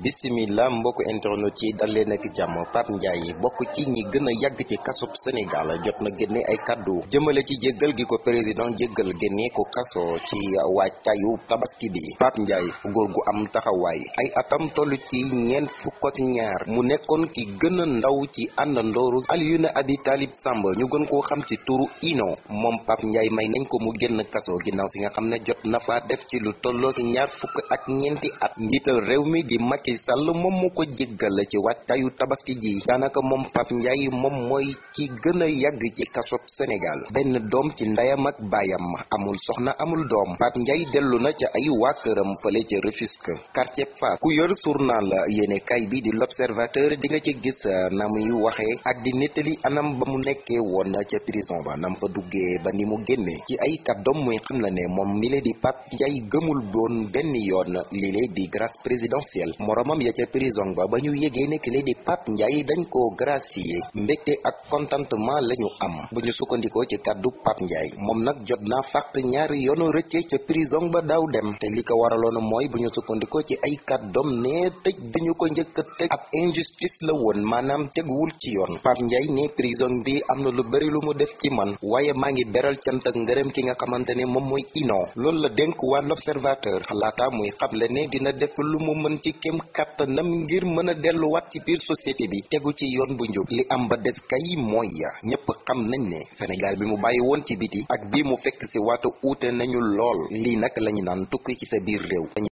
bisimila mbokku internet yi dal leen ak jàmm Pape Ndiaye bokk ci ñi gën a yàgg ci kasub Sénégal jot na génne ay kaddu jëmale ci jéggal gi ko président jéggal génne ko kaso ci waajtaayu tabaski bi Pape Ndiaye góor gu am taxawaay ay atam toll ci ñeent fukk ak ñaar mu nekkoon ki gën ndaw ci àndandooru Alioune Abi Talib Samb ñu gën koo xam ci turu Ino moom Pape njaay may nañ ko mu génn kaso ginnaaw si nga xam ne jot na faa def ci lu tolloo ci ñaar fukk ak Macky Sall moom moo ko jéggal ci wàccaayu tabaski ji daanaka moom Pape Ndiaye moom mooy ki gën a yàgg ci kasob senegal benn doom ci ndeyam ak baayam amul soxna amul doom Pape Ndiaye dellu na ca ay waa këram fële ca Rufisque quartier Fass ku yor journal yéene kay bi di l'observateur di nga ci gis euh, na muy waxee ak di nettali anam ba mu nekkee woon ca prison ba nam fa duggee ba ni mu génnee ci ay kàddoom muy xam la ne moom mi le di Pape Ndiaye gëmul doon benn boromam ya ca prison ba ba ñu yëgee ne kile di Pape Ndiaye dañ koo gracier mbégte ak contentement la ñu am bu ñu sukkandikoo ci kaddu Pape Ndiaye moom nag jot naa fàq ñaari yoonu rëcce ca prison ba daw dem te li ko waraloon mooy bu ñu sukkandikoo ci ay kàddoom ne tëj bi ñu ko njëkk teg ab injustice la woon maanaam teguwul ci yoon Pape Ndiaye ne prison bi am na lu bari lu mu def ci man waaye maa ngi beral cant ak ngërëm ki nga xamante ne moom mooy ino loolu muy ak kàttanam ngir mën a delluwaat ci biir société bi tegu ci yoon bu njub li am ba des kay mooy ya ñëpp xam nañ ne Sénégal bi mu bàyyi woon ci biti ak bi mu fekk ci waatu wuute nañu lool lii nag lañu naan tukki ci sa biir réew